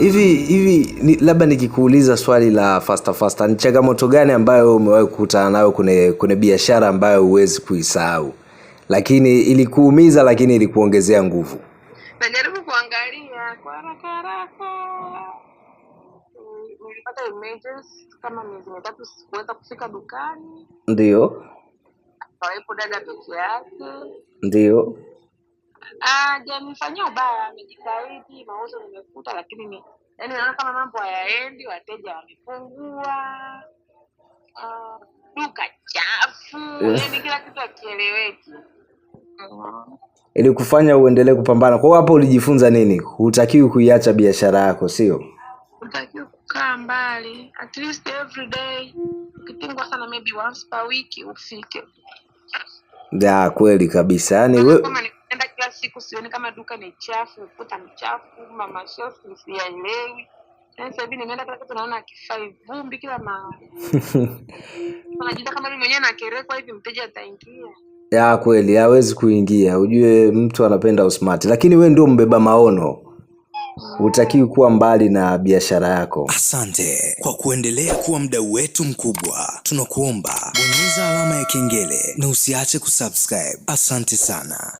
hivi hivi ni, labda nikikuuliza swali la fasta fasta ni changamoto gani ambayo umewahi kukutana nayo kwenye kwenye biashara ambayo huwezi kuisahau lakini ilikuumiza lakini ilikuongezea nguvu najaribu kuangalia kwa haraka haraka nilipata images kama miezi mitatu sikuweza kufika dukani ndio akawepo dada peke yake ndio Ah, Ajanifanyia ubaya, amejitahidi mauzo nimekuta, lakini ni yani, naona kama mambo hayaendi, wateja wamepungua, uh, duka chafu, eh. yani kila kitu akieleweki mm-hmm. ili kufanya uendelee kupambana. Kwa hiyo hapo ulijifunza nini? Hutakiwi kuiacha biashara yako, sio? Hutakiwi kukaa mbali, at least every day, ukipingwa sana, maybe once per week ufike. Ya kweli kabisa, yani we siku sioni kama duka ni chafu, ukuta ni chafu, mama shelfu siyaelewi. Sasa hivi nimeenda kila kitu naona kifai vumbi kila mahali. Unajiita kama mimi mwenyewe nakerekwa hivi mteja ataingia. Ya kweli hawezi kuingia, ujue mtu anapenda usmati, lakini we ndio mbeba maono hutakiwi kuwa mbali na biashara yako. Asante kwa kuendelea kuwa mdau wetu mkubwa, tunakuomba bonyeza alama ya kengele na usiache kusubscribe. Asante sana.